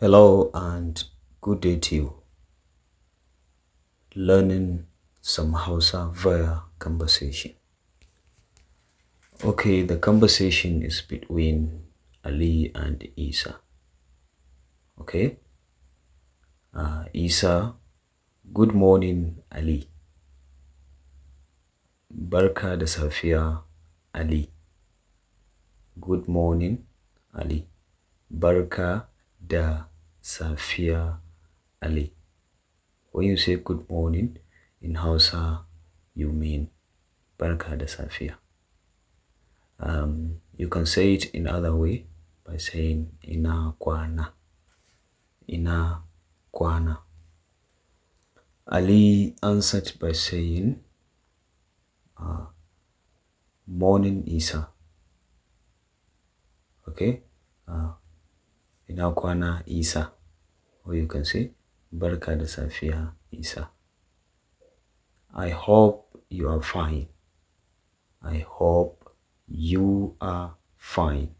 Hello and good day to you. Learning some Hausa via conversation. Okay, the conversation is between Ali and Isa. Okay? Uh, Isa, good morning, Ali. Barka da safiya, Ali. Good morning, Ali. Barka da Safia Ali. When you say good morning in Hausa, you mean "baraka da Safia. Um, you can say it in other way by saying Ina Kwana. Ina Kwana. Ali answered by saying, uh, Morning Isa. Okay? Uh, Ina kwana Isa? Or oh, you can say Barka da safiya Isa. I hope you are fine. I hope you are fine.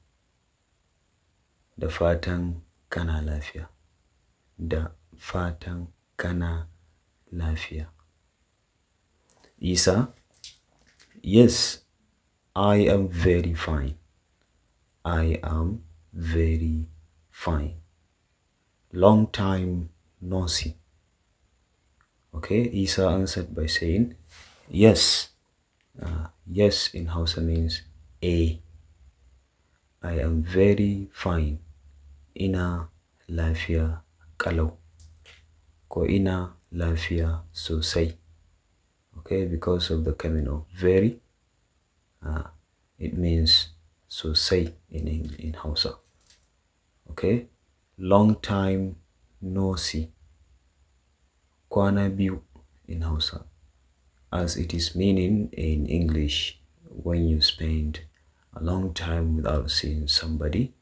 Da fatan kana lafiya. Da fatan kana lafiya. Isa, yes, I am very fine. I am very fine. Long time no see. Okay, Isa answered by saying, Yes. Uh, yes in Hausa means A. I am very fine. Ina lafiya kalau. Ko ina so say. Okay, because of the coming of very, uh, it means so in, in, in Hausa okay long time no see kwana biu in hausa as it is meaning in english when you spend a long time without seeing somebody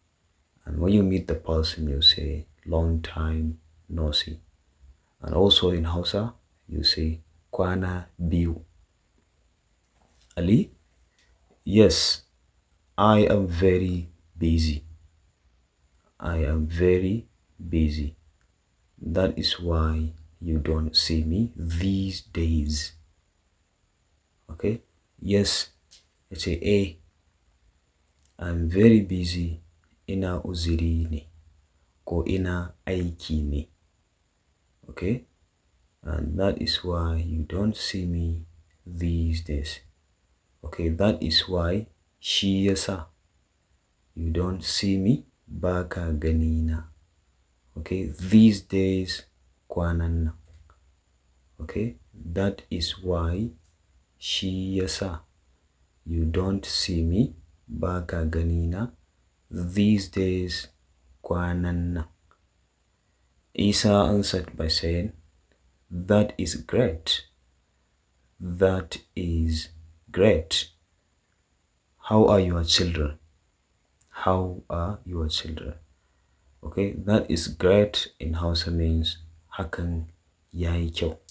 and when you meet the person you say long time no see and also in hausa you say kwana biu. ali yes i am very busy I am very busy. That is why you don't see me these days. Okay? Yes, it's a A. Eh, I'm very busy ina uzirini, ko ina aikini. Okay? And that is why you don't see me these days. Okay, that is why shi You don't see me baka ganina, okay these days kwanan okay that is why she yasa you don't see me baka ganina." these days kwanan nan Isa answered by saying that is great that is great how are your children how are your children okay that is great in Hausa means hakan yayi kyau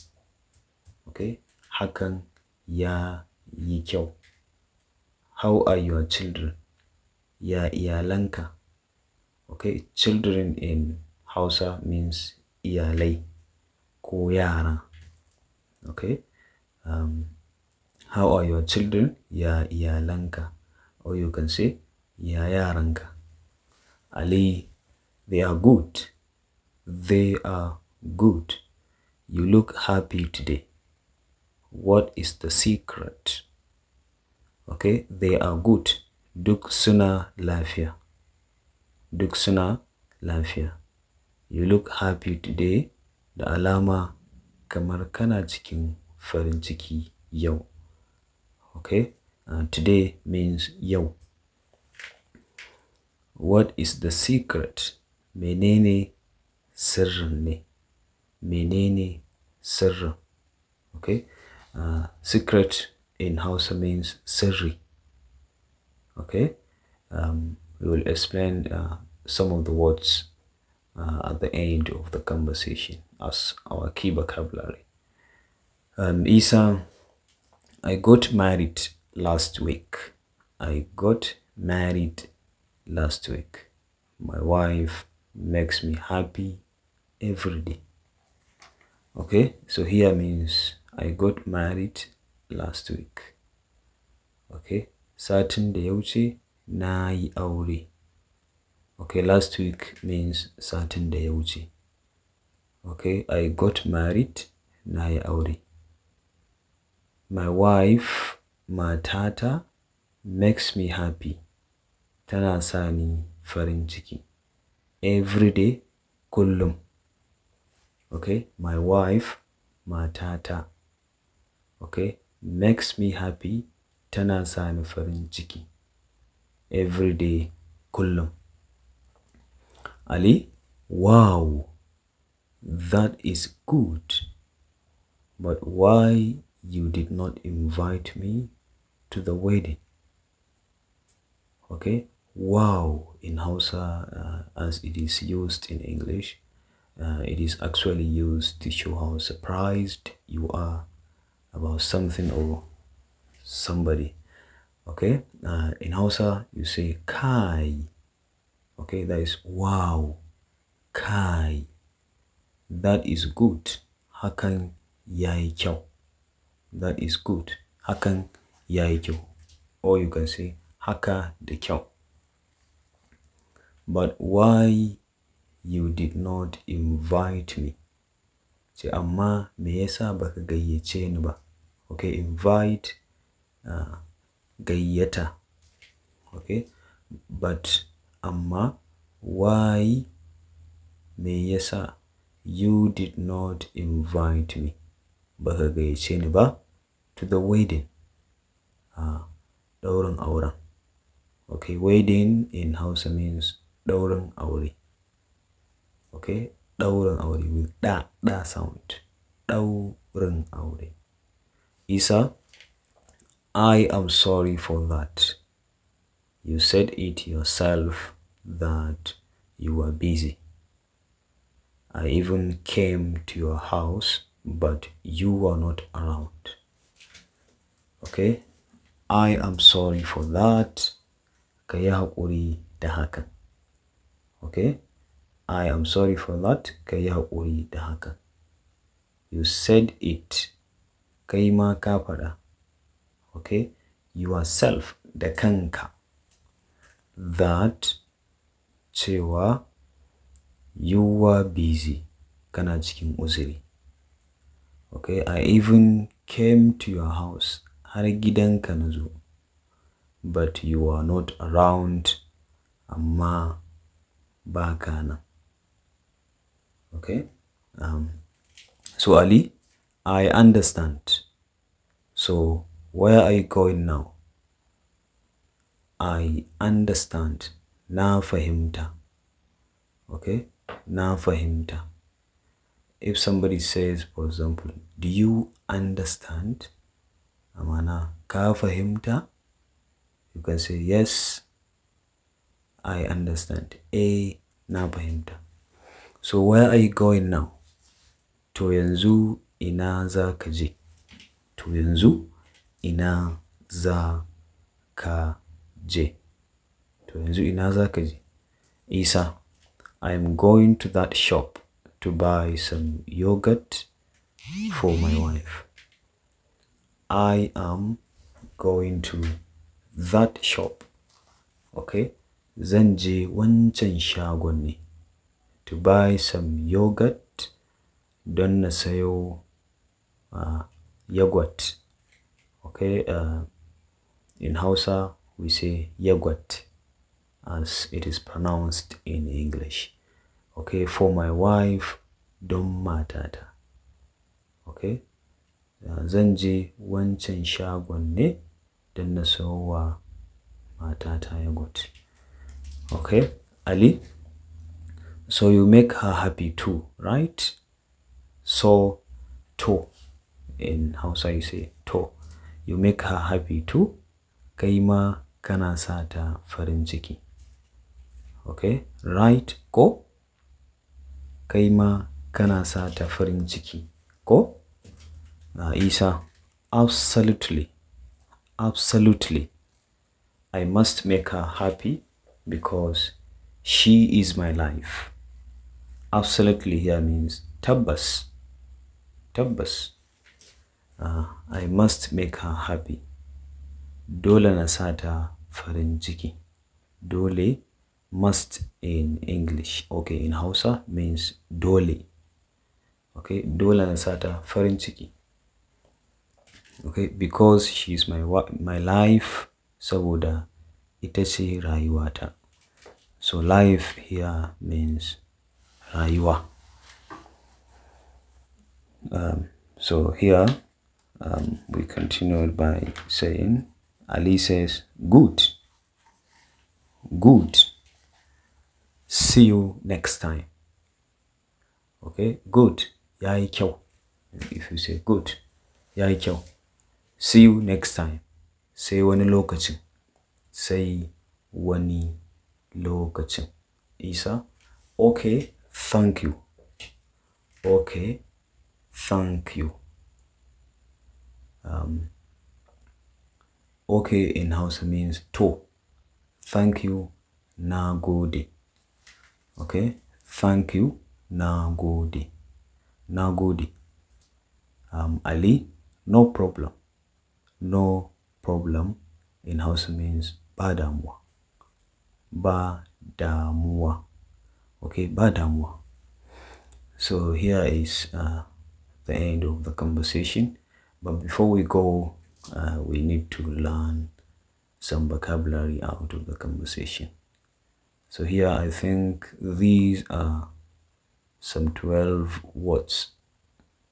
okay hakan ya yi kyau how are your children ya iyalanka okay children in Hausa means iyalai ko yara okay um, how are your children ya iyalanka or you can say Ya yaranka? Ali, they are good. They are good. You look happy today. What is the secret? Okay, they are good. Duk suna lafiya. Duk suna lafiya. You look happy today. Da alama kamar kana cikin farin ciki yau. Okay, uh, today means yau. What is the secret? Menene sirrin ne? Menene sirrin? Okay. Uh, secret in Hausa means sirri. Okay. Um, we will explain uh, some of the words uh, at the end of the conversation as our key vocabulary. Um, Isa, I got married last week. I got married last week. My wife makes me happy every day. Okay, so here means I got married last week. Okay, Saturday, da ya na yi Okay, last week means Saturday, da Okay, I got married na Auri. My wife, matata, makes me happy tana sa ni farin ciki. Every day, kullum. Okay, my wife, matata. Okay, makes me happy, tana sa ni farin ciki. Every day, kullum. Ali, wow, that is good. But why you did not invite me to the wedding? Okay, wow in Hausa uh, as it is used in English. Uh, it is actually used to show how surprised you are about something or somebody. Okay, uh, in Hausa you say kai. Okay, that is wow, kai. That is good. Hakan yai That is good. Hakan yai Or you can say haka de kyau. but why you did not invite me? Ce amma me yasa baka gayyace ni ba? Okay, invite uh, gayyata. Okay, but amma why me yasa you did not invite me? Baka gayyace ni ba? To the wedding. Uh, ah, ɗaurin auren. Okay, wedding in Hausa means ɗaurin aure okay ɗaurin aure with da da sound ɗaurin aure isa i am sorry for that you said it yourself that you were busy i even came to your house but you were not around okay i am sorry for that Kaya yi dahakan. Okay? I am sorry for that. kayi yi haƙuri da haka You said it. Kai ma ka faɗa. Okay? Yourself da kanka. That cewa you were busy. Kana cikin uzuri. Okay? I even came to your house. Har gidanka na zo. But you were not around. Amma bakana. Okay? Um, so, Ali, I understand. So, where are you going now? I understand. Na fahimta. Okay? Na fahimta. If somebody says, for example, do you understand? Amana ka fahimta? You can say, yes, I understand. A na So where are you going now? To yanzu ina za ka To yanzu ina za To yanzu ina za Isa, I am going to that shop to buy some yogurt for my wife. I am going to that shop. Okay? zan je wancan shagon ne to buy some yogurt don na sayo uh, yogurt. Okay, uh, in Hausa we say yogurt as it is pronounced in English. Okay, for my wife don matata. Okay, uh, zan je wancan shagon ne don na sayo wa matata yogurt. Okay, Ali. So you make her happy too, right? So to in Hausa you say to. You make her happy too. Kaima kana sata farin ciki. Okay, right ko? Kaima kana sata farin ciki ko? Uh, Isa, absolutely, absolutely. I must make her happy because she is my life. Absolutely here means tabbas. Tabbas. Uh, I must make her happy. Dole nasata farinjiki. farin Dole must in English. Okay, in Hausa means dole. Okay, dole nasata farinjiki. farin Okay, because she's my my life saboda Itesi ce So life here means rayuwa. Um, so here um, we continued by saying, Ali says, good, good. See you next time. Okay, good. yaikyo. If you say good, yaikyo, See you next time. Say at you sai wani lokacin. Isa, okay, thank you. Okay, thank you. Um, okay in house means to. Thank you, na gode. Okay, thank you, na gode. Na gode. Um, Ali, no problem. No problem in house means ba damuwa ba damuwa okay ba damuwa so here is uh, the end of the conversation but before we go uh, we need to learn some vocabulary out of the conversation so here i think these are some 12 words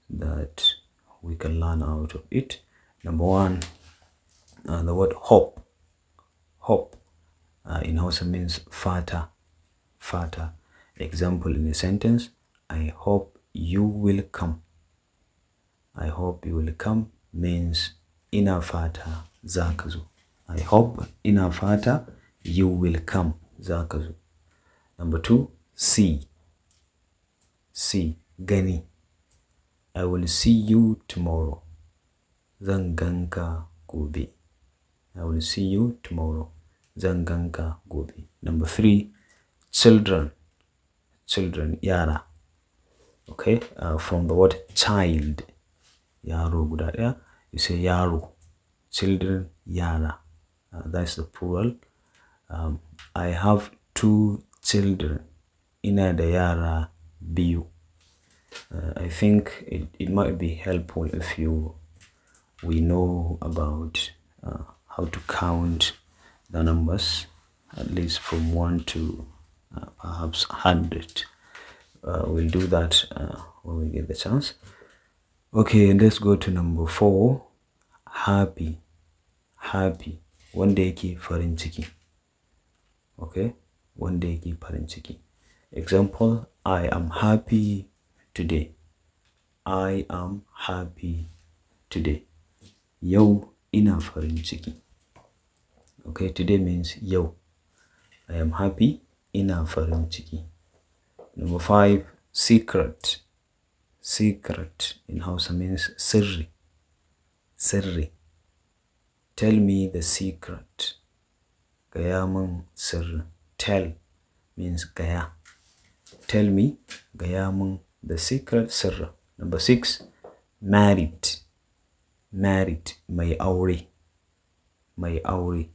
that we can learn out of it number one uh, the word hope hope. Uh, in Hausa means fata, fata. Example in a sentence, I hope you will come. I hope you will come means ina fata za I hope ina fata you will come zakazu. Number two, see. See, gani. I will see you tomorrow. Zanganka kubi. I will see you tomorrow zan Gobi Number three, children, children, yara. Okay, uh, from the word child, yaro guda you say yaro, children, yara. Uh, that's the plural. Um, I have two children. Ina da yara biyu. Uh, I think it, it might be helpful if you we know about uh, how to count the numbers at least from 1 to uh, perhaps 100 uh, we'll do that uh, when we get the chance okay let's go to number 4 happy happy day yake farin ciki okay day yake farin ciki example i am happy today i am happy today yo ina farin ciki okay today means yo. i am happy ina farin ciki number five secret secret in hausa means sirri sirri tell me the secret gaya min sirri tell means gaya tell me gaya min the secret sirri number six married married My auri. my auri.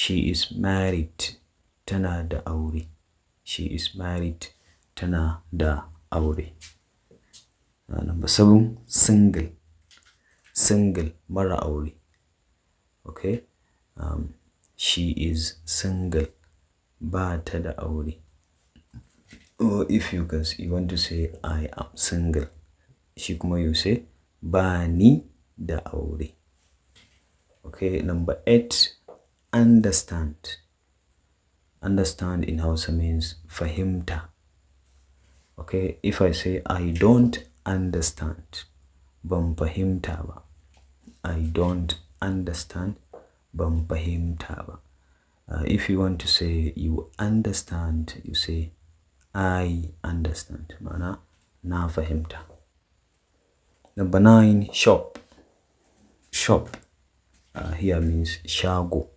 She is married. Tana da aure. She is married. Tana da aure. Uh, number seven, single. Single, mara aure. Okay? Um, she is single. Ba ta da aure. Or if you can, you want to say I am single. Shi kuma you say ba ni da aure. Okay, number eight. understand understand in Hausa means fahimta okay if I say I don't understand ban fahimta ba I don't understand ban fahimta ba uh, if you want to say you understand you say I understand mana na fahimta number nine shop shop uh, here means shago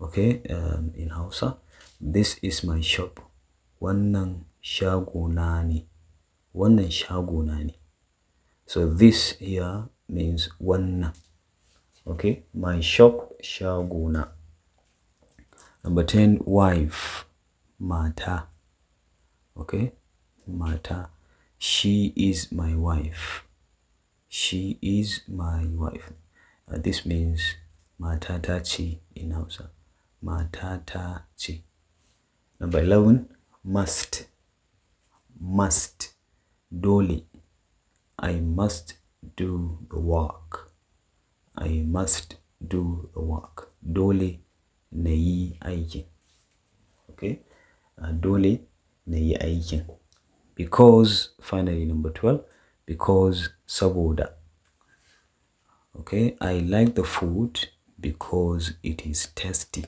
okay um, in hausa this is my shop wannan na ne wannan na ne so this here means wannan okay my shop na. number 10 wife mata okay mata she is my wife she is my wife uh, this means mata ta in hausa matata number 11 must must dole i must do the work i must do the work dole na yi okay uh, dole na yi because finally number 12 because saboda okay i like the food because it is tasty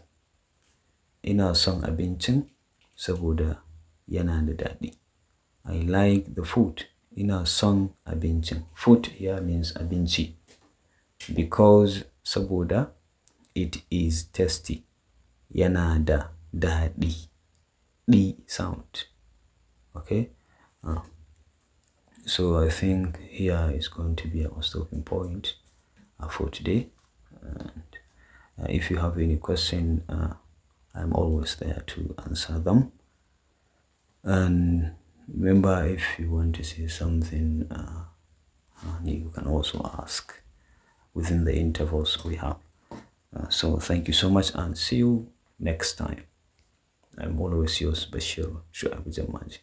Ina son abincin saboda yana da daɗi. I like the food. Ina son abincin. Food here means abinci. Because saboda it is tasty. Yana da daɗi. D sound. Okay? Uh, so I think here is going to be our stopping point uh, for today. And uh, if you have any question, uh, I'm always there to answer them. And remember, if you want to say something, uh, you can also ask within the intervals we have. Uh, so thank you so much and see you next time. I'm always yours, Bashir Shu'ab